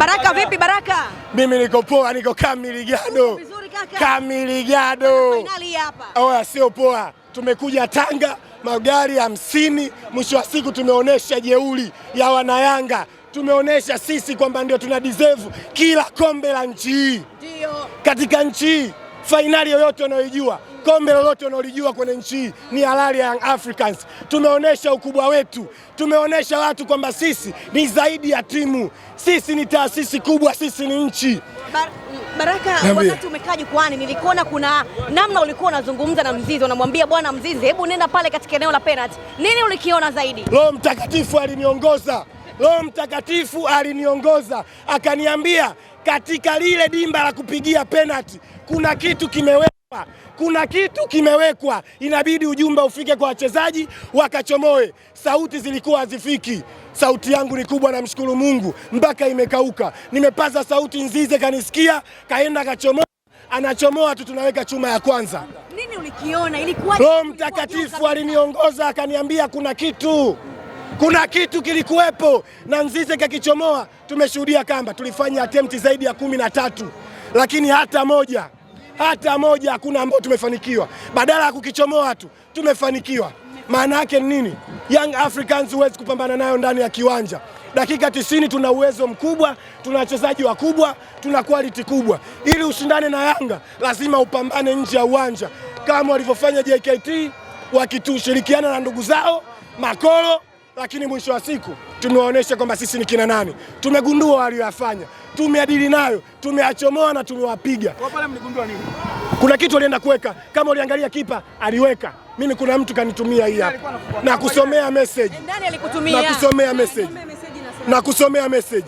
Baraka vipi Baraka? Mimi niko poa, niko kamili gado. Vizuri kaka. Kamili gado. Finali hapa. Oya, sio poa. Tumekuja Tanga magari hamsini, mwisho wa siku tumeonyesha jeuri ya Wanayanga, tumeonyesha sisi kwamba ndio tuna deserve kila kombe la nchi hii. Ndio. Katika nchi hii fainali yoyote unayoijua kombe lolote unaolijua kwenye nchi hii ni halali ya Young Africans. Tumeonyesha ukubwa wetu, tumeonyesha watu kwamba sisi ni zaidi ya timu, sisi ni taasisi kubwa, sisi ni nchi. Bar Baraka, wakati umekaa jukwani nilikuona kuna namna ulikuwa unazungumza na Mzizi, unamwambia bwana Mzizi, hebu nenda pale katika eneo la penalty. Nini ulikiona zaidi? Roho Mtakatifu aliniongoza, Roho Mtakatifu aliniongoza akaniambia, katika lile dimba la kupigia penalty kuna kitu kimewe kuna kitu kimewekwa, inabidi ujumbe ufike kwa wachezaji wakachomoe. Sauti zilikuwa hazifiki. Sauti yangu ni kubwa, namshukuru Mungu, mpaka imekauka. Nimepaza sauti, Nzize kanisikia, kaenda kachomoa, anachomoa tu, tunaweka chuma ya kwanza. Nini ulikiona? Ilikuwa Roho Mtakatifu aliniongoza akaniambia, kuna kitu kuna kitu kilikuwepo na Nzize kakichomoa. Tumeshuhudia kamba, tulifanya attempt zaidi ya kumi na tatu, lakini hata moja hata moja hakuna ambao tumefanikiwa. Badala ya kukichomoa tu tumefanikiwa. Maana yake ni nini? Young Africans huwezi kupambana nayo ndani ya kiwanja. Dakika tisini tuna uwezo mkubwa, tuna wachezaji wakubwa, tuna quality kubwa. Ili ushindane na Yanga lazima upambane nje ya uwanja kama walivyofanya JKT wakitushirikiana na ndugu zao Makolo lakini mwisho wa siku tumewaonyesha kwamba sisi ni kina nani. Tumegundua walioyafanya, tumeadili nayo, tumeachomoa na tumewapiga. Kwa pale mligundua nini? Kuna kitu alienda kuweka, kama uliangalia kipa aliweka. Mimi kuna mtu kanitumia hii hapa na kusomea message, eh, na kusomea message, na kusomea message,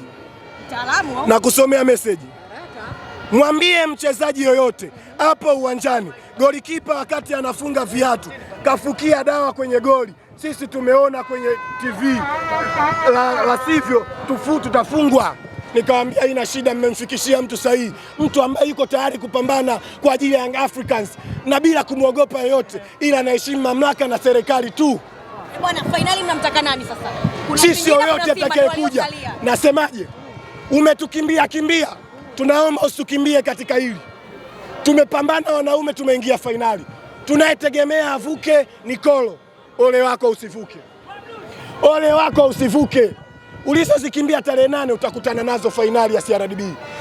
na kusomea message. Mwambie mchezaji yoyote hapo uwanjani, golikipa wakati anafunga viatu kafukia dawa kwenye goli sisi tumeona kwenye TV la, la sivyo tufu tutafungwa. Nikawambia ina shida, mmemfikishia mtu sahihi, mtu ambaye yuko tayari kupambana kwa ajili ya Young Africans na bila kumwogopa yoyote, ila anaheshimu mamlaka na serikali tu. Eh, bwana, finali mnamtaka nani sasa? Sisi yoyote atakayekuja, nasemaje, umetukimbia kimbia, tunaomba usitukimbie katika hili. Tumepambana wanaume, tumeingia fainali, tunayetegemea avuke ni Kolo ole wako usivuke, ole wako usivuke. Ulizozikimbia tarehe nane utakutana nazo fainali ya CRDB.